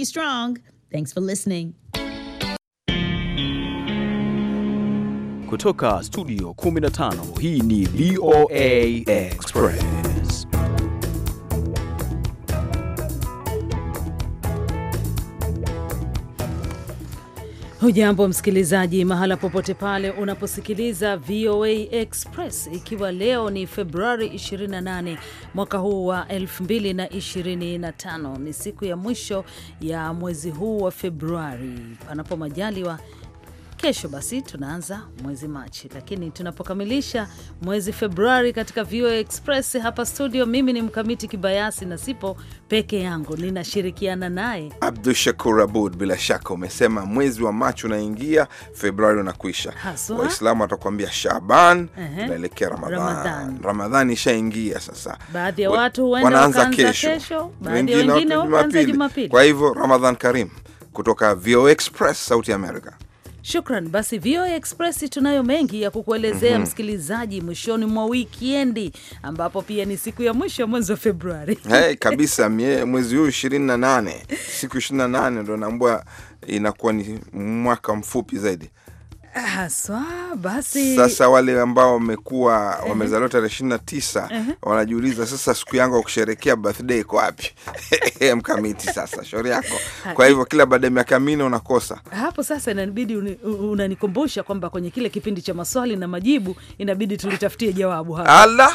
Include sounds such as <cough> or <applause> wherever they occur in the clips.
Be strong. Thanks for listening. Kutoka studio 15 hii ni VOA Express. Hujambo msikilizaji, mahala popote pale unaposikiliza VOA Express, ikiwa leo ni Februari 28 mwaka huu wa 2025, ni siku ya mwisho ya mwezi huu wa Februari, panapo majaliwa Kesho basi tunaanza mwezi Machi, lakini tunapokamilisha mwezi Februari katika VOA Express hapa studio, mimi ni Mkamiti Kibayasi na sipo peke yangu, ninashirikiana naye Abdu Shakur Abud. Bila shaka umesema mwezi wa Machi unaingia, Februari unakuisha. Waislamu watakuambia Shaban, tunaelekea Ramadhan. Ramadhani ishaingia sasa, baadhi ya watu huenda wanaanza kesho, wengine wanaanza Jumapili. Kwa hivyo Ramadhan karim kutoka VOA Express, Sauti Amerika. Shukran. Basi VOA Express tunayo mengi ya kukuelezea mm -hmm. Msikilizaji, mwishoni mwa wikiendi ambapo pia ni siku ya mwisho ya mwezi wa Februari. Hey, <laughs> kabisa mie, mwezi huu ishirini na nane siku ishirini na nane ndo naambua inakuwa ni mwaka mfupi zaidi Haswa basi, sasa wale ambao wamekuwa wamezaliwa tarehe ishirini na tisa wanajiuliza sasa, siku yangu ya kusherekea birthday iko wapi? <laughs> Mkamiti, sasa shauri yako. Kwa hivyo kila baada ya miaka minne unakosa hapo. Sasa inabidi unanikumbusha kwamba kwenye kile kipindi cha maswali na majibu inabidi tulitafutie jawabu hala.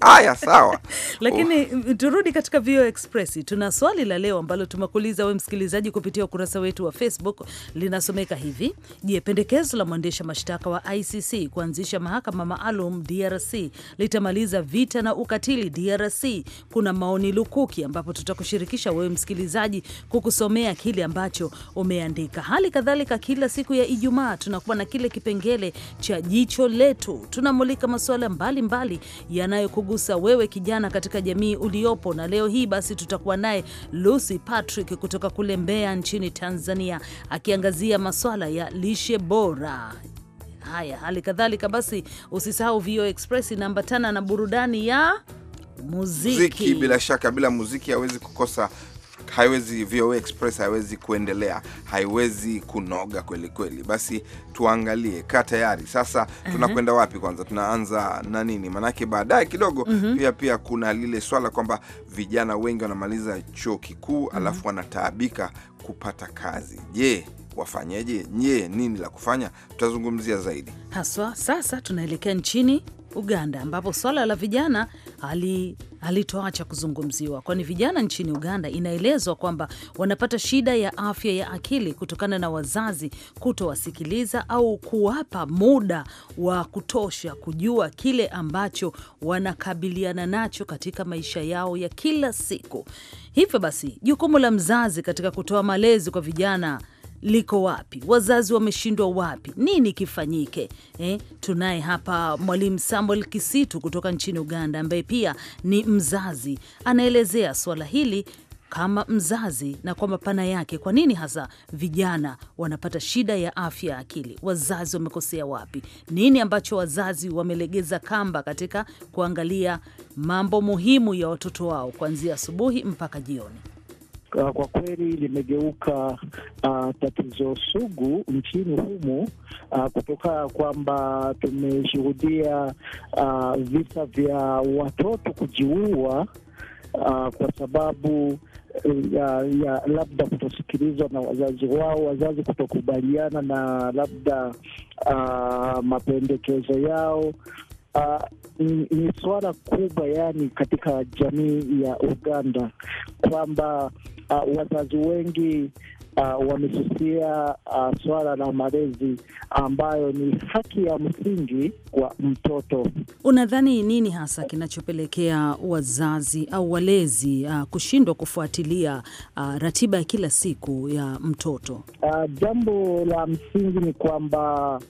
Haya, sawa, <laughs> lakini oh. turudi katika VOA Express. Tuna swali la leo ambalo tumekuuliza we msikilizaji kupitia ukurasa wetu wa Facebook, linasomeka hivi: je, Pendekezo la mwendesha mashtaka wa ICC kuanzisha mahakama maalum DRC litamaliza vita na ukatili DRC. Kuna maoni lukuki, ambapo tutakushirikisha wewe msikilizaji kukusomea kile ambacho umeandika. Hali kadhalika, kila siku ya Ijumaa tunakuwa na kile kipengele cha jicho letu, tunamulika masuala mbalimbali yanayokugusa wewe kijana katika jamii uliopo, na leo hii basi tutakuwa naye Lucy Patrick kutoka kule Mbeya nchini Tanzania akiangazia masuala ya lishe bora. Haya, hali kadhalika basi, usisahau VO Express inaambatana na burudani ya muziki. Muziki bila shaka, bila muziki hawezi kukosa haiwezi VOA Express haiwezi kuendelea, haiwezi kunoga kweli kweli. Basi tuangalie ka tayari sasa tunakwenda uh -huh. Wapi kwanza tunaanza na nini? Manake baadaye kidogo uh mhm. -huh. pia pia kuna lile swala kwamba vijana wengi wanamaliza chuo kikuu uh mhm. -huh. alafu wanataabika kupata kazi. Je, yeah wafanyeje? Je, nini la kufanya? Tutazungumzia zaidi haswa. Sasa tunaelekea nchini Uganda ambapo swala la vijana halitoacha kuzungumziwa, kwani vijana nchini Uganda inaelezwa kwamba wanapata shida ya afya ya akili kutokana na wazazi kutowasikiliza au kuwapa muda wa kutosha kujua kile ambacho wanakabiliana nacho katika maisha yao ya kila siku. Hivyo basi, jukumu la mzazi katika kutoa malezi kwa vijana liko wapi? Wazazi wameshindwa wapi? Nini kifanyike? Eh, tunaye hapa Mwalimu Samuel Kisitu kutoka nchini Uganda, ambaye pia ni mzazi, anaelezea suala hili kama mzazi na kwa mapana yake. Kwa nini hasa vijana wanapata shida ya afya ya akili? Wazazi wamekosea wapi? Nini ambacho wazazi wamelegeza kamba katika kuangalia mambo muhimu ya watoto wao kuanzia asubuhi mpaka jioni? uh, kwa kweli limegeuka uh, tatizo sugu nchini humu uh, kutokana kwamba tumeshuhudia uh, visa vya watoto kujiua uh, kwa sababu uh, ya, ya labda kutosikilizwa na wazazi wao, wazazi kutokubaliana na labda uh, mapendekezo yao. Uh, ni, ni suala kubwa yani katika jamii ya Uganda kwamba uh, wazazi wengi uh, wamesusia uh, ah, suala la malezi ambayo ni haki ya msingi kwa mtoto. Unadhani nini hasa kinachopelekea wazazi au walezi uh, kushindwa kufuatilia uh, ratiba ya kila siku ya mtoto? Uh, jambo la msingi ni kwamba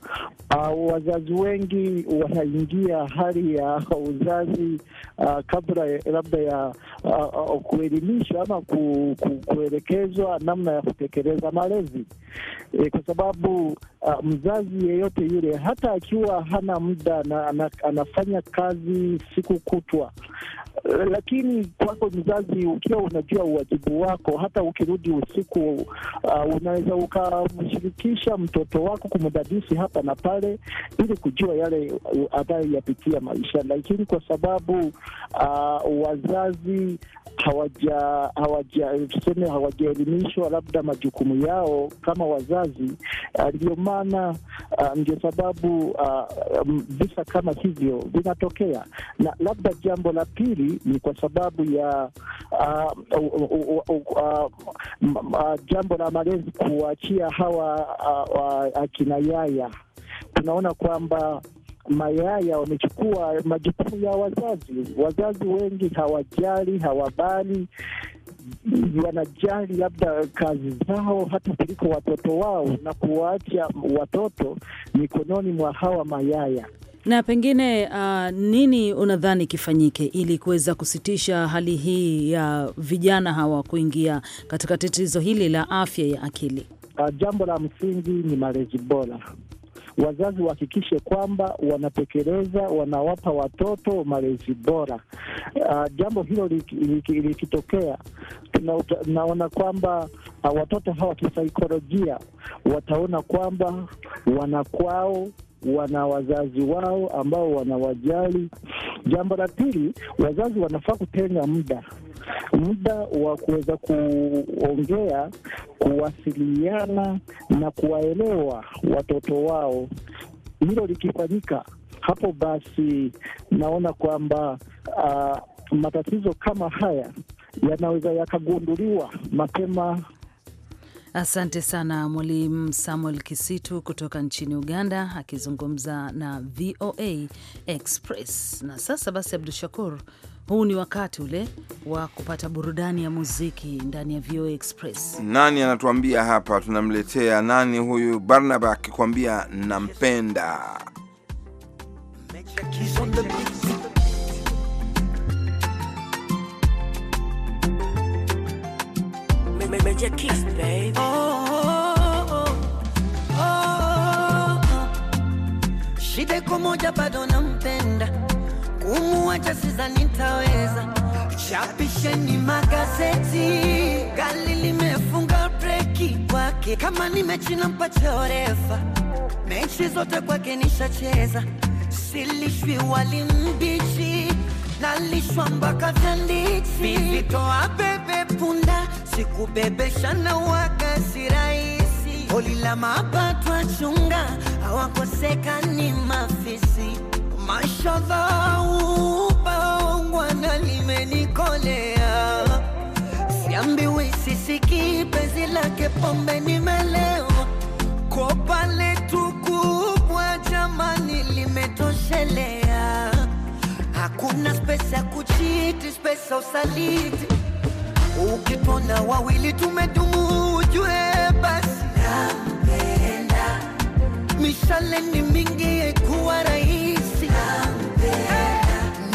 uh, wazazi wengi wanaingia hali ya uzazi uh, kabla labda ya uh, uh, kuelimishwa ama ku, ku, kuelekezwa namna ya kutekeleza malezi e, kwa sababu uh, mzazi yeyote yule, hata akiwa hana muda na, anafanya kazi siku kutwa uh, lakini kwako mzazi, ukiwa unajua uwajibu wako, hata ukirudi usiku uh, unaweza ukamshirikisha mtoto wako kumdadisi hapa na pale, ili kujua yale ambayo yapitia maisha, lakini kwa sababu uh, wazazi hawaja hawaja tuseme hawajaelimishwa labda majukumu yao kama wazazi, uh, ndio uh, sana uh, ndio sababu uh, um, visa kama hivyo vinatokea, na labda jambo la pili ni kwa sababu ya uh, uh, uh, uh, uh, uh, jambo la malezi kuachia hawa uh, uh, akina yaya, tunaona kwamba mayaya wamechukua majukumu ya wazazi. Wazazi wengi hawajali, hawabali wanajali labda kazi zao hata kuliko watoto wao na kuwaacha watoto mikononi mwa hawa mayaya na pengine uh, nini unadhani kifanyike ili kuweza kusitisha hali hii ya vijana hawa kuingia katika tatizo hili la afya ya akili? Uh, jambo la msingi ni malezi bora wazazi wahakikishe kwamba wanatekeleza, wanawapa watoto malezi bora. Uh, jambo hilo likitokea, tunaona kwamba uh, watoto hawa kisaikolojia wataona kwamba wanakwao wana wazazi wao ambao wanawajali. Jambo la pili, wazazi wanafaa kutenga muda muda wa kuweza kuongea, kuwasiliana na kuwaelewa watoto wao. Hilo likifanyika, hapo basi naona kwamba uh, matatizo kama haya yanaweza yakagunduliwa mapema Asante sana Mwalimu Samuel Kisitu kutoka nchini Uganda akizungumza na VOA Express. Na sasa basi, Abdu Shakur, huu ni wakati ule wa kupata burudani ya muziki ndani ya VOA Express. Nani anatuambia hapa? Tunamletea nani huyu? Barnaba akikuambia nampenda baby, me kiss, baby. Oh, oh, oh, oh. Shideko moja bado nampenda, kumuacha sizani nitaweza. Chapisheni magazeti, gari limefunga breki kwake. Kama ni mechi nampa chorefa, mechi zote kwake nishacheza. Silishwi wali mbichi, nalishwa mpaka vya ndichi. wa bebe punda sikubebesha na uwaga si rahisi. Holi la mapato wachunga hawakosekani mafisi. Mashallah, limenikolea, siambiwi sisiki penzi lake pombe nimelewa. Kopa letu kubwa jamani limetoshelea, hakuna spesa ya kuchiti, spesa usaliti ukitona wawili tumedumu, ujue basi nampenda. Mishale ni mingi, haikuwa rahisi.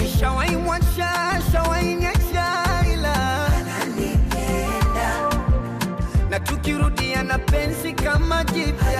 Nishawahi mwacha, ila na tukirudia na pensi kama jipya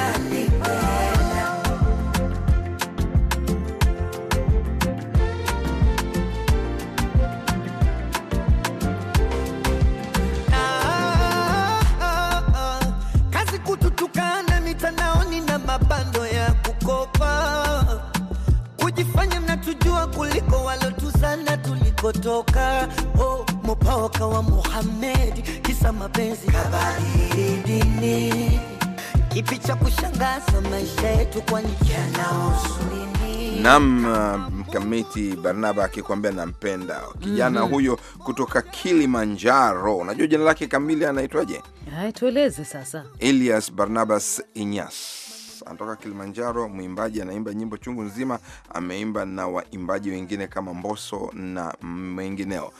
Nam uh, mkamiti Barnaba akikwambia nampenda kijana mm -hmm. huyo kutoka Kilimanjaro. Unajua jina lake kamili anaitwaje? Tueleze sasa. Elias Barnabas Inyas anatoka Kilimanjaro, mwimbaji anaimba nyimbo chungu nzima. Ameimba na waimbaji wengine kama mboso na mengineo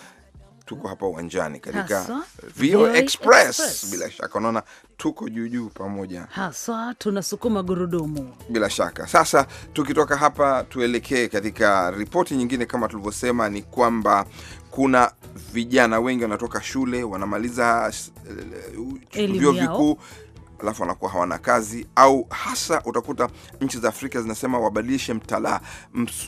tuko hapa uwanjani katika VOA Express. Express. Bila shaka unaona tuko juujuu pamoja, haswa tunasukuma gurudumu bila shaka. Sasa tukitoka hapa, tuelekee katika ripoti nyingine. Kama tulivyosema, ni kwamba kuna vijana wengi wanatoka shule wanamaliza eh, eh, vyuo vikuu alafu wanakuwa hawana kazi, au hasa utakuta nchi za Afrika zinasema wabadilishe mtalaa,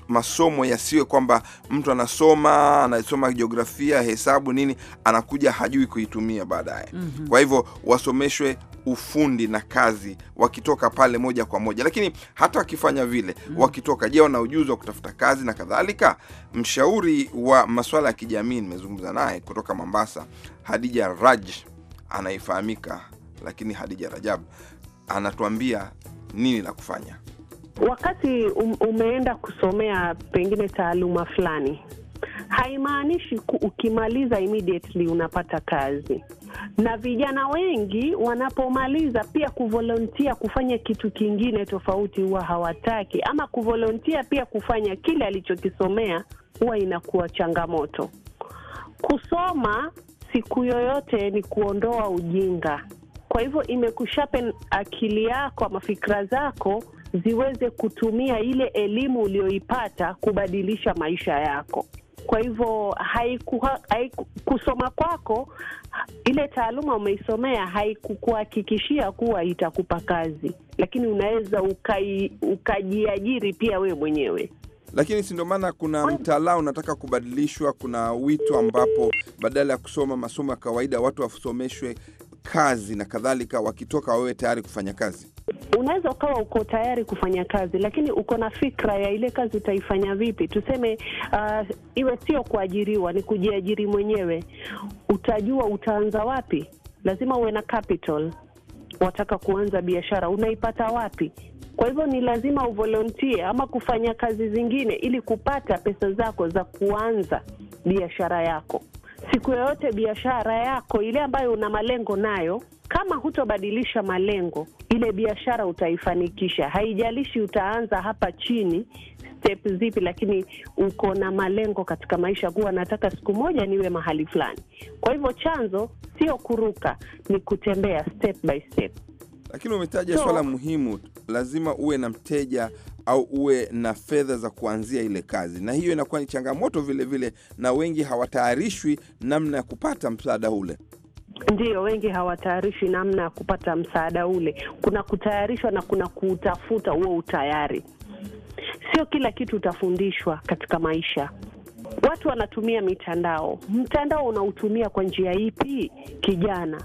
masomo yasiwe kwamba mtu anasoma anasoma jiografia, hesabu, nini, anakuja hajui kuitumia baadaye. mm -hmm. Kwa hivyo wasomeshwe ufundi na kazi wakitoka pale moja kwa moja, lakini hata wakifanya vile mm -hmm. wakitoka, je, wana ujuzi wa kutafuta kazi na kadhalika? Mshauri wa masuala ya kijamii nimezungumza naye kutoka Mombasa, Hadija Raj, anaifahamika lakini Hadija Rajabu anatuambia nini la kufanya wakati um-, umeenda kusomea pengine taaluma fulani. Haimaanishi ukimaliza immediately unapata kazi, na vijana wengi wanapomaliza pia kuvolontia kufanya kitu kingine tofauti huwa hawataki, ama kuvolontia pia kufanya kile alichokisomea huwa inakuwa changamoto. Kusoma siku yoyote ni kuondoa ujinga kwa hivyo imekushapen akili yako ama fikira zako ziweze kutumia ile elimu uliyoipata kubadilisha maisha yako. Kwa hivyo haiku, kusoma kwako ile taaluma umeisomea haikukuhakikishia kuwa itakupa kazi, lakini unaweza ukajiajiri pia wewe mwenyewe lakini sindio maana kuna mtaala unataka kubadilishwa. Kuna wito ambapo badala ya kusoma masomo ya kawaida watu wasomeshwe kazi na kadhalika, wakitoka wawe tayari kufanya kazi? Unaweza ukawa uko tayari kufanya kazi, lakini uko na fikra ya ile kazi utaifanya vipi. Tuseme uh, iwe sio kuajiriwa, ni kujiajiri mwenyewe. Utajua utaanza wapi? Lazima uwe na capital. Wataka kuanza biashara, unaipata wapi? Kwa hivyo ni lazima uvolontie ama kufanya kazi zingine ili kupata pesa zako za kuanza biashara yako siku yoyote biashara yako ile ambayo una malengo nayo, kama hutobadilisha malengo, ile biashara utaifanikisha. Haijalishi utaanza hapa chini step zipi, lakini uko na malengo katika maisha, kuwa nataka siku moja niwe mahali fulani. Kwa hivyo chanzo sio kuruka, ni kutembea step by step. Lakini umetaja no. swala muhimu, lazima uwe na mteja au uwe na fedha za kuanzia ile kazi, na hiyo inakuwa ni changamoto vilevile vile, na wengi hawatayarishwi namna ya kupata msaada ule. ndio wengi hawatayarishwi namna ya kupata msaada ule. Kuna kutayarishwa na kuna kuutafuta huo utayari. Sio kila kitu utafundishwa katika maisha. Watu wanatumia mitandao. Mtandao unautumia kwa njia ipi, kijana?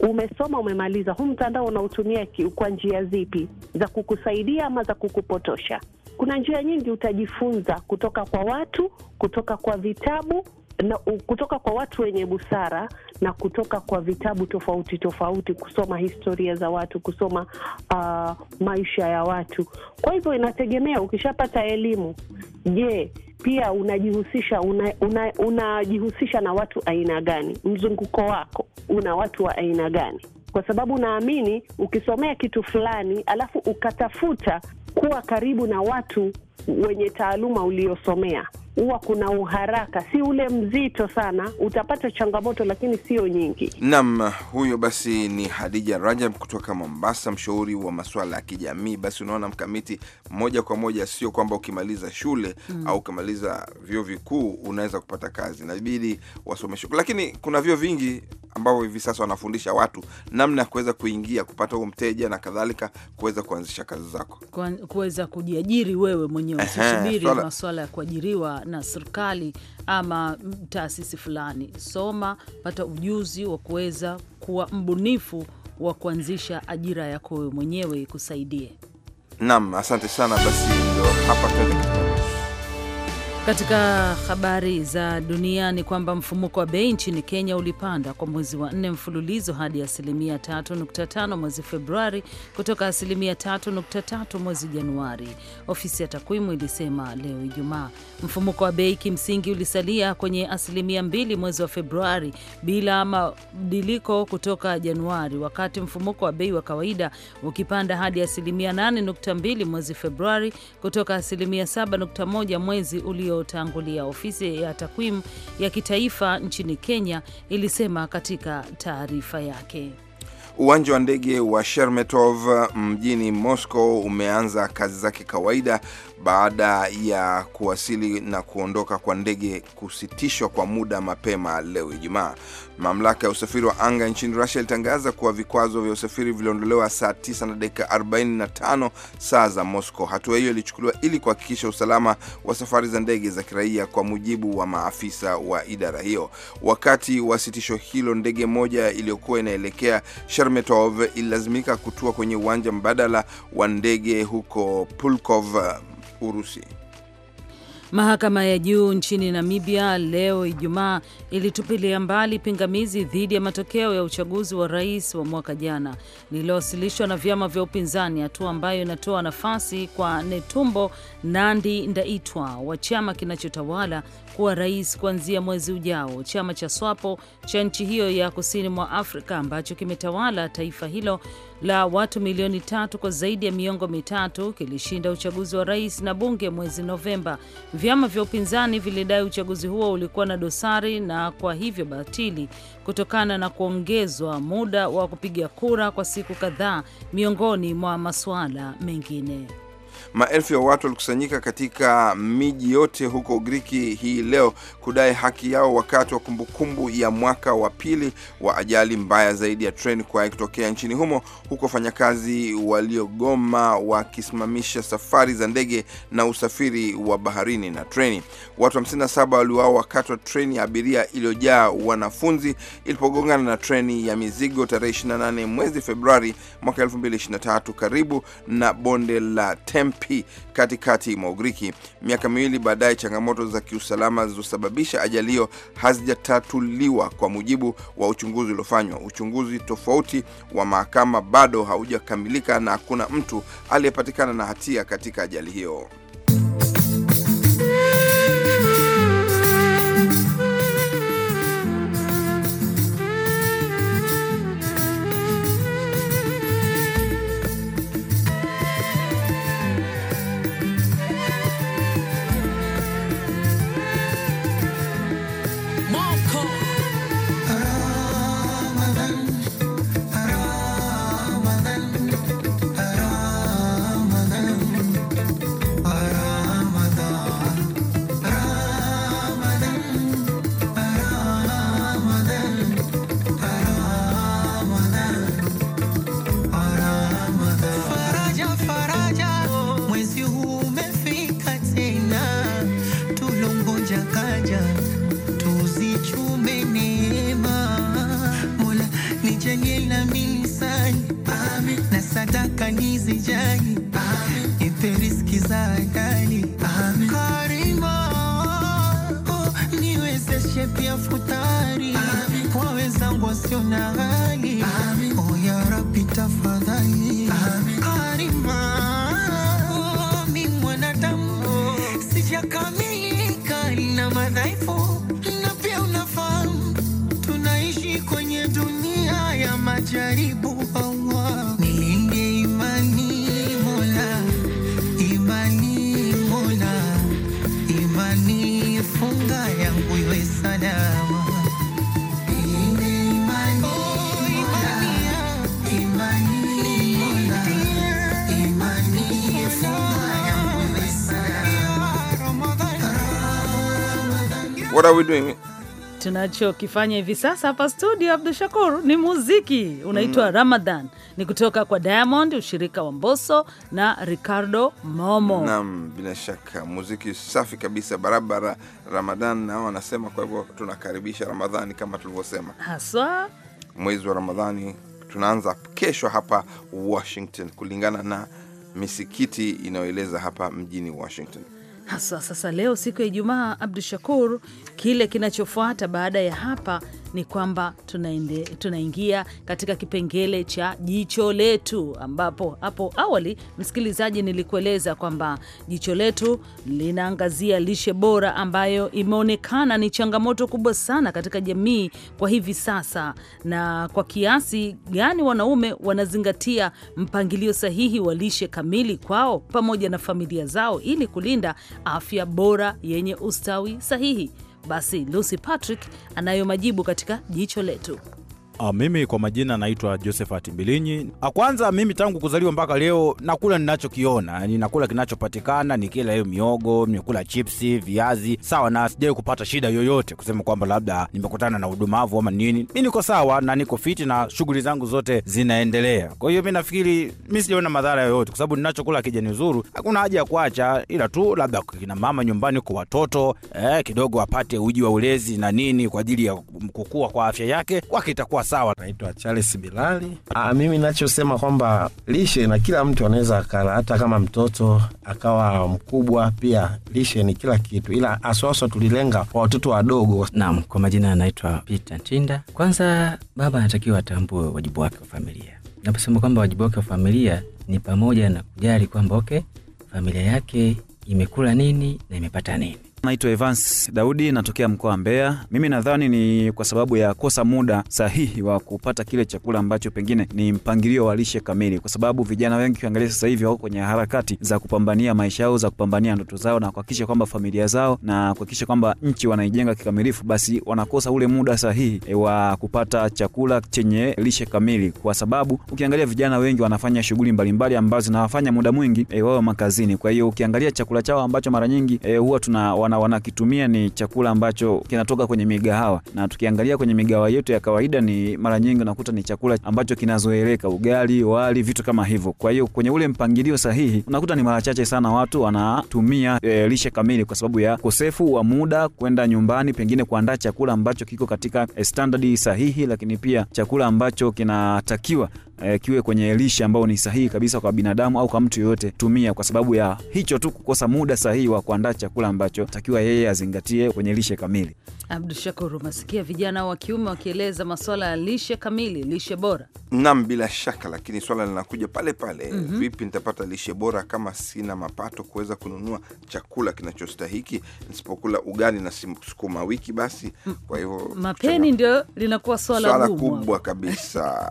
umesoma, umemaliza, huu mtandao unautumia kwa njia zipi za kukusaidia ama za kukupotosha? Kuna njia nyingi utajifunza kutoka kwa watu, kutoka kwa vitabu na kutoka kwa watu wenye busara na kutoka kwa vitabu tofauti tofauti, kusoma historia za watu, kusoma uh, maisha ya watu. Kwa hivyo inategemea, ukishapata elimu, je, pia unajihusisha unajihusisha una, una na watu aina gani? Mzunguko wako una watu wa aina gani? Kwa sababu naamini ukisomea kitu fulani alafu ukatafuta kuwa karibu na watu wenye taaluma uliosomea huwa kuna uharaka, si ule mzito sana. Utapata changamoto lakini sio nyingi. Naam, huyo basi ni Hadija Rajab kutoka Mombasa, mshauri wa masuala ya kijamii. Basi unaona mkamiti, moja kwa moja sio kwamba ukimaliza shule mm, au ukimaliza vyuo vikuu unaweza kupata kazi, inabidi wasomeshwe, lakini kuna vyuo vingi ambavyo hivi sasa wanafundisha watu namna ya kuweza kuingia kupata huo mteja na kadhalika, kuweza kuanzisha kazi zako, kuweza kujiajiri wewe mwenyewe, usisubiri masuala ya kuajiriwa na serikali ama taasisi fulani. Soma, pata ujuzi wa kuweza kuwa mbunifu wa kuanzisha ajira yako wewe mwenyewe ikusaidie. Naam, asante sana. Basi ndo hapa katika habari za dunia ni kwamba mfumuko wa bei nchini Kenya ulipanda kwa mwezi wa nne mfululizo hadi asilimia 3.5 mwezi Februari kutoka asilimia 3.3 mwezi Januari, ofisi ya takwimu ilisema leo Ijumaa. Mfumuko wa bei kimsingi ulisalia kwenye asilimia 2 mwezi wa Februari bila mabadiliko kutoka Januari, wakati mfumuko wa bei wa kawaida ukipanda hadi asilimia 8.2 mwezi Februari kutoka asilimia 7.1 mwezi ulio iliyotangulia. Ofisi ya takwimu ya kitaifa nchini Kenya ilisema katika taarifa yake. Uwanja wa ndege wa Shermetov mjini Moscow umeanza kazi zake kawaida baada ya kuwasili na kuondoka kwa ndege kusitishwa kwa muda mapema leo Ijumaa. Mamlaka ya usafiri wa anga nchini Rusia ilitangaza kuwa vikwazo vya usafiri viliondolewa saa 9 na dakika 45 saa za Moscow. Hatua hiyo ilichukuliwa ili kuhakikisha usalama wa safari za ndege za kiraia, kwa mujibu wa maafisa wa idara hiyo. Wakati wa sitisho hilo, ndege moja iliyokuwa inaelekea Shermetov ililazimika kutua kwenye uwanja mbadala wa ndege huko Pulkov Urusi. Mahakama ya juu nchini Namibia leo Ijumaa ilitupilia mbali pingamizi dhidi ya matokeo ya uchaguzi wa rais wa mwaka jana lililowasilishwa na vyama vya upinzani, hatua ambayo inatoa nafasi kwa Netumbo Nandi Ndaitwa wa chama kinachotawala kuwa rais kuanzia mwezi ujao. Chama cha SWAPO cha nchi hiyo ya kusini mwa Afrika ambacho kimetawala taifa hilo la watu milioni tatu kwa zaidi ya miongo mitatu kilishinda uchaguzi wa rais na bunge mwezi Novemba. Vyama vya upinzani vilidai uchaguzi huo ulikuwa na dosari na kwa hivyo batili kutokana na kuongezwa muda wa kupiga kura kwa siku kadhaa miongoni mwa masuala mengine. Maelfu ya watu walikusanyika katika miji yote huko Ugiriki hii leo kudai haki yao wakati wa kumbukumbu ya mwaka wa pili wa ajali mbaya zaidi ya treni kuwahi kutokea nchini humo, huku wafanyakazi waliogoma wakisimamisha safari za ndege na usafiri wa baharini na treni. Watu 57 waliuawa wakati wa treni ya abiria iliyojaa wanafunzi ilipogongana na treni ya mizigo tarehe 28 mwezi Februari mwaka 2023 karibu na bonde la Tempe Skopje katikati mwa Ugiriki. Miaka miwili baadaye, changamoto za kiusalama zilizosababisha ajali hiyo hazijatatuliwa kwa mujibu wa uchunguzi uliofanywa. Uchunguzi tofauti wa mahakama bado haujakamilika na hakuna mtu aliyepatikana na hatia katika ajali hiyo. What are we doing? Tunachokifanya hivi sasa hapa studio, Abdu Shakur, ni muziki unaitwa mm. Ramadan, ni kutoka kwa Diamond, ushirika wa mboso na Ricardo Momo. Naam, bila shaka muziki safi kabisa, barabara. Ramadan nao wanasema, kwa hivyo tunakaribisha Ramadhani kama tulivyosema, haswa mwezi wa Ramadhani tunaanza kesho hapa Washington, kulingana na misikiti inayoeleza hapa mjini Washington haswa sasa leo siku ya Ijumaa, Abdu Shakur, kile kinachofuata baada ya hapa ni kwamba tunaende, tunaingia katika kipengele cha jicho letu, ambapo hapo awali msikilizaji, nilikueleza kwamba jicho letu linaangazia lishe bora ambayo imeonekana ni changamoto kubwa sana katika jamii kwa hivi sasa, na kwa kiasi gani wanaume wanazingatia mpangilio sahihi wa lishe kamili kwao pamoja na familia zao ili kulinda afya bora yenye ustawi sahihi. Basi Lucy Patrick anayo majibu katika jicho letu. A, ah, mimi kwa majina naitwa Josephat Mbilinyi. Ah, kwanza mimi tangu kuzaliwa mpaka leo nakula ninachokiona, yani nakula kinachopatikana, nikila hiyo miogo, nikula chipsi, viazi, sawa, na sijawahi kupata shida yoyote kusema kwamba labda nimekutana na udumavu ama nini. Mi niko sawa na niko fiti na shughuli zangu zote zinaendelea. Kwa hiyo mi nafikiri mi sijaona madhara yoyote, kwa sababu ninachokula kijani hakuna haja ya kuacha, ila tu labda kina mama nyumbani kwa watoto eh, kidogo apate uji wa ulezi na nini kwa ajili ya kukua kwa afya yake, kwa sawasawa. Naitwa Charles Bilali. Aa, ah, mimi nachosema kwamba lishe na kila mtu anaweza akala, hata kama mtoto akawa mkubwa pia, lishe ni kila kitu, ila aswaswa tulilenga kwa watoto wadogo. Naam, kwa majina anaitwa Peter Tinda. Kwanza baba anatakiwa atambue wajibu wake wa familia. Naposema kwamba wajibu wake wa familia ni pamoja na kujali kwamba okay, familia yake imekula nini na imepata nini Naitwa Evans Daudi, natokea mkoa wa Mbeya. Mimi nadhani ni kwa sababu ya kosa muda sahihi wa kupata kile chakula ambacho pengine ni mpangilio wa lishe kamili, kwa sababu vijana wengi ukiangalia sasa hivi wako kwenye harakati za kupambania maisha yao, za kupambania ndoto zao na kuhakikisha kwamba familia zao na kuhakikisha kwamba nchi wanaijenga kikamilifu, basi wanakosa ule muda sahihi e, wa kupata chakula chenye lishe kamili, kwa sababu ukiangalia vijana wengi wanafanya shughuli mbalimbali ambazo zinawafanya muda mwingi e, wao makazini. Kwa hiyo ukiangalia chakula chao ambacho mara nyingi e, huwa tuna sana wanakitumia ni chakula ambacho kinatoka kwenye migahawa, na tukiangalia kwenye migahawa yetu ya kawaida ni mara nyingi unakuta ni chakula ambacho kinazoeleka, ugali, wali, vitu kama hivyo. Kwa hiyo kwenye ule mpangilio sahihi unakuta ni mara chache sana watu wanatumia e, lishe kamili, kwa sababu ya ukosefu wa muda kwenda nyumbani, pengine kuandaa chakula ambacho kiko katika eh, standardi sahihi, lakini pia chakula ambacho kinatakiwa eh, kiwe kwenye lishe ambao ni sahihi kabisa kwa binadamu au kwa mtu yoyote tumia, kwa sababu ya hicho tu kukosa muda sahihi wa kuandaa chakula ambacho takiwa yeye azingatie kwenye lishe kamili. Abdu Shakur, umesikia vijana wa kiume wakieleza maswala ya lishe kamili, lishe bora. nam bila shaka, lakini swala linakuja pale pale, mm -hmm. Vipi nitapata lishe bora kama sina mapato kuweza kununua chakula kinachostahiki? Nisipokula ugali na sukuma wiki basi. Kwa hivyo mapeni ndio linakuwa swala kubwa kabisa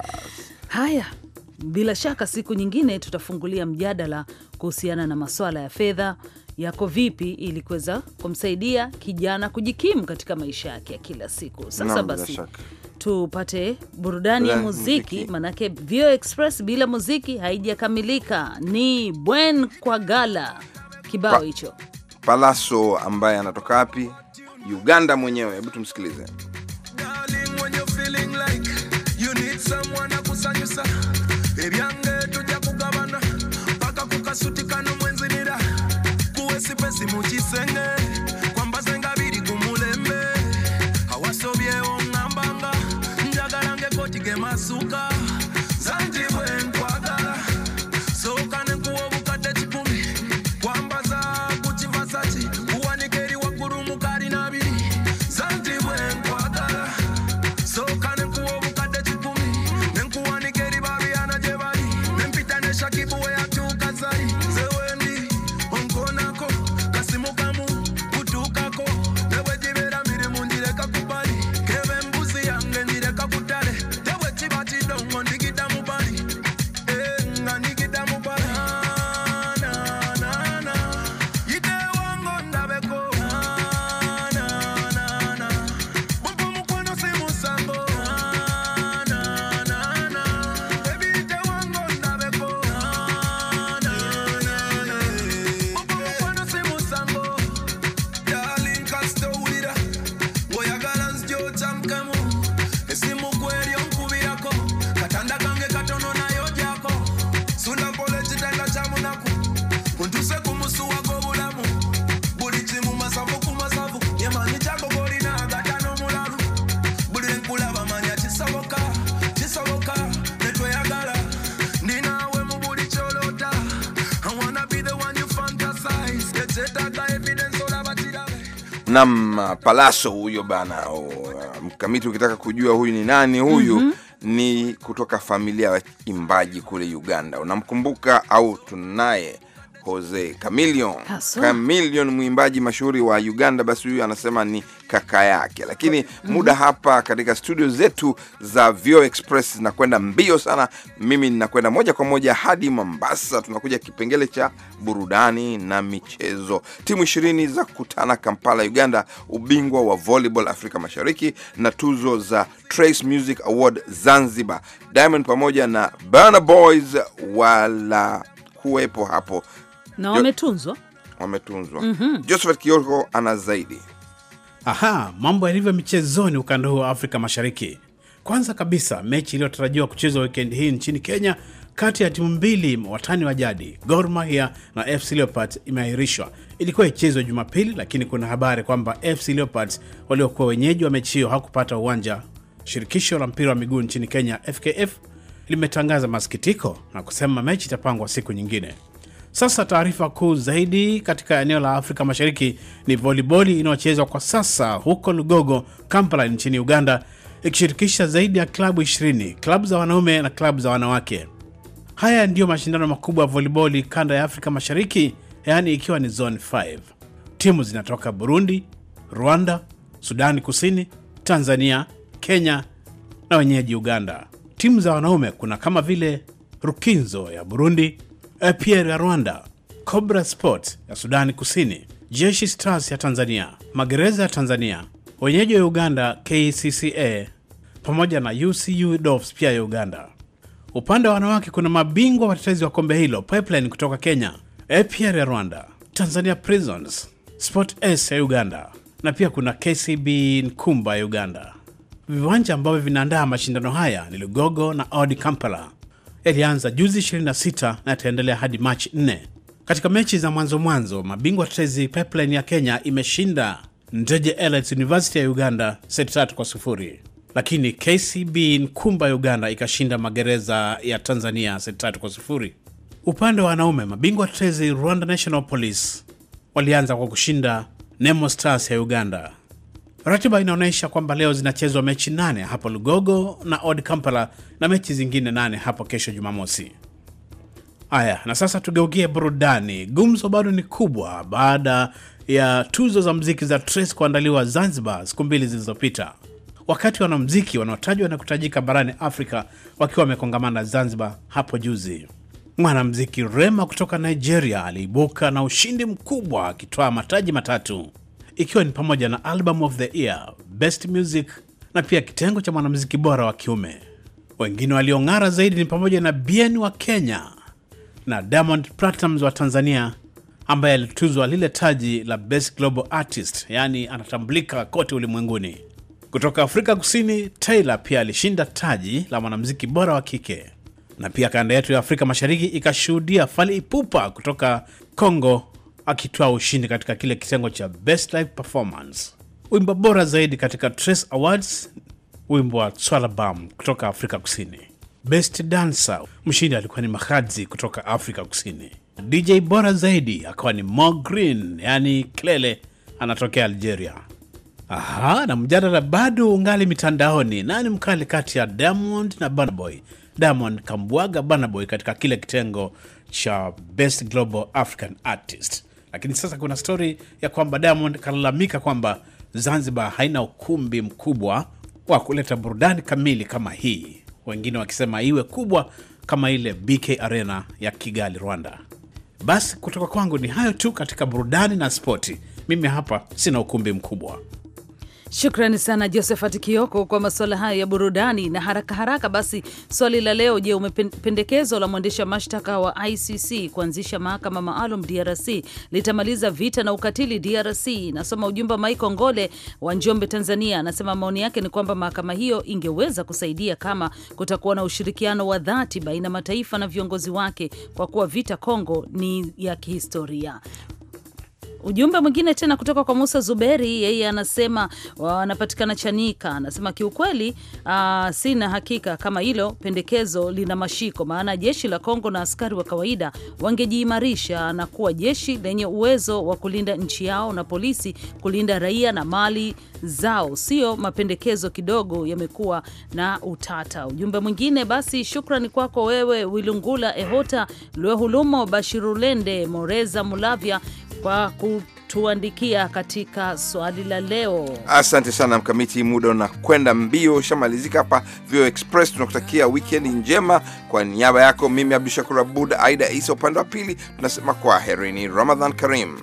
Haya, bila shaka siku nyingine tutafungulia mjadala kuhusiana na masuala ya fedha yako vipi ili kuweza kumsaidia kijana kujikimu katika maisha yake ya kila siku. Sasa no, basi tupate burudani ya muziki, muziki. Manake Vio Express bila muziki haijakamilika. Ni Bwen kwa Gala kibao hicho pa, Palaso ambaye anatoka wapi? Uganda mwenyewe. Hebu tumsikilize. ebyange tujja paka ku kasuti kano mwenzinira kuwesipesi mu kisenge kwambaze nga biri ku Nam uh, Palaso huyo bana uh, mkamiti, ukitaka kujua huyu ni nani huyu mm -hmm. ni kutoka familia ya waimbaji kule Uganda. Unamkumbuka au tunaye Jose Chameleon. Chameleon mwimbaji mashuhuri wa Uganda, basi huyu anasema ni kaka yake. Lakini mm-hmm. muda hapa katika studio zetu za Vio Express zinakwenda mbio sana, mimi ninakwenda moja kwa moja hadi Mombasa. Tunakuja kipengele cha burudani na michezo. Timu ishirini za kutana Kampala, Uganda, ubingwa wa volleyball Afrika Mashariki na tuzo za Trace Music Award Zanzibar. Diamond pamoja na Burna Boys wala kuwepo hapo na wametunzwa wametunzwa. mm -hmm. Josephat Kioko ana zaidi. Aha, mambo yalivyo michezoni ukanda huu wa Afrika Mashariki. Kwanza kabisa mechi iliyotarajiwa kuchezwa wikendi hii nchini Kenya kati ya timu mbili watani wa jadi Gor Mahia na FC Leopards imeahirishwa. Ilikuwa ichezwe Jumapili, lakini kuna habari kwamba FC Leopards waliokuwa wenyeji wa mechi hiyo hakupata uwanja. Shirikisho la mpira wa miguu nchini Kenya FKF limetangaza masikitiko na kusema mechi itapangwa siku nyingine. Sasa taarifa kuu zaidi katika eneo la Afrika Mashariki ni voliboli inayochezwa kwa sasa huko Lugogo, Kampala nchini Uganda, ikishirikisha zaidi ya klabu 20, klabu za wanaume na klabu za wanawake. Haya ndiyo mashindano makubwa ya voliboli kanda ya Afrika Mashariki, yaani ikiwa ni zone 5. Timu zinatoka Burundi, Rwanda, Sudani Kusini, Tanzania, Kenya na wenyeji Uganda. Timu za wanaume kuna kama vile Rukinzo ya Burundi, APR eh, ya Rwanda, Cobra Sport ya Sudani Kusini, Jeshi Stars ya Tanzania, magereza ya Tanzania, wenyeji wa Uganda KCCA pamoja na UCU Dolphins pia ya Uganda. Upande wa wanawake kuna mabingwa watetezi wa kombe hilo Pipeline kutoka Kenya, APR eh, ya Rwanda, Tanzania Prisons, Sport S ya Uganda na pia kuna KCB Nkumba ya Uganda. Viwanja ambavyo vinaandaa mashindano haya ni Lugogo na Odi Kampala yalianza juzi 26 na yataendelea hadi Machi 4. Katika mechi za mwanzo mwanzo, mabingwa tetezi Pipeline ya Kenya imeshinda ndeje Elites University ya Uganda seti tatu kwa sufuri, lakini KCB Nkumba ya Uganda ikashinda magereza ya Tanzania seti tatu kwa sufuri. Upande wa wanaume, mabingwa tetezi Rwanda National Police walianza kwa kushinda Nemo Stars ya Uganda Ratiba inaonyesha kwamba leo zinachezwa mechi nane hapo Lugogo na Od Kampala na mechi zingine nane hapo kesho Jumamosi. Haya, na sasa tugeukie burudani. Gumzo bado ni kubwa baada ya tuzo za mziki za Trace kuandaliwa Zanzibar siku mbili zilizopita, wakati wanamziki wanaotajwa na kutajika barani Afrika wakiwa wamekongamana Zanzibar hapo juzi. Mwanamziki Rema kutoka Nigeria aliibuka na ushindi mkubwa akitoa mataji matatu ikiwa ni pamoja na Album of the Year, Best Music na pia kitengo cha mwanamziki bora wa kiume. Wengine waliong'ara zaidi ni pamoja na Bien wa Kenya na Diamond Platnumz wa Tanzania ambaye alituzwa lile taji la Best Global Artist, yaani anatambulika kote ulimwenguni. Kutoka Afrika Kusini, Taylor pia alishinda taji la mwanamziki bora wa kike, na pia kanda yetu ya Afrika Mashariki ikashuhudia fali Ipupa kutoka congo akitoa ushindi katika kile kitengo cha Best life Performance. Wimbo bora zaidi katika Trace Awards, wimbo wa swalabam kutoka Afrika Kusini. Best Dancer, mshindi alikuwa ni Mahadzi kutoka Afrika Kusini. DJ bora zaidi akawa ni Mo Green, yani Klele anatokea Algeria. Aha, na mjadala bado ungali mitandaoni. Nani mkali kati ya Diamond na banaboy Diamond kambwaga banaboy katika kile kitengo cha Best Global African Artist. Lakini sasa kuna stori ya kwamba Diamond kalalamika kwamba Zanzibar haina ukumbi mkubwa wa kuleta burudani kamili kama hii, wengine wakisema iwe kubwa kama ile BK Arena ya Kigali, Rwanda. Basi kutoka kwangu ni hayo tu katika burudani na spoti. Mimi hapa sina ukumbi mkubwa. Shukrani sana Josephat Kioko kwa masuala haya ya burudani na haraka haraka. Basi swali la leo, je, umependekezo la mwendesha mashtaka wa ICC kuanzisha mahakama maalum DRC litamaliza vita na ukatili DRC? Nasoma ujumbe Maiko Ngole wa Njombe, Tanzania, anasema maoni yake ni kwamba mahakama hiyo ingeweza kusaidia kama kutakuwa na ushirikiano wa dhati baina mataifa na viongozi wake, kwa kuwa vita Kongo ni ya kihistoria. Ujumbe mwingine tena kutoka kwa Musa Zuberi, yeye anasema wanapatikana Chanika, anasema kiukweli, uh, sina hakika kama hilo pendekezo lina mashiko, maana jeshi la Kongo na askari wa kawaida wangejiimarisha na kuwa jeshi lenye uwezo wa kulinda nchi yao na polisi kulinda raia na mali zao, sio mapendekezo kidogo yamekuwa na utata. Ujumbe mwingine basi, shukrani kwako wewe Wilungula Ehota Lwehulumo Bashirulende Moreza Mulavya kwa kutuandikia katika swali la leo. Asante sana Mkamiti, muda unakwenda mbio, ushamalizika hapa Vio Express. Tunakutakia wikendi njema. Kwa niaba yako mimi Abdu Shakur Abud, Aida Isa upande wa pili, tunasema herini Ramadhan Karim.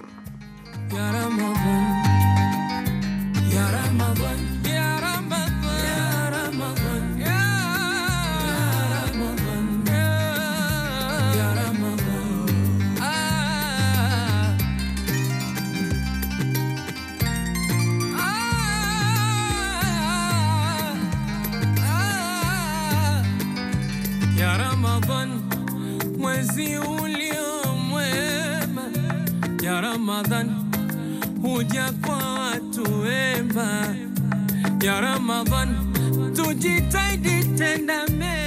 فيه اليوم wema ya Ramadhan huja kwa watu wema ya Ramadhan, tujitahidi tena mema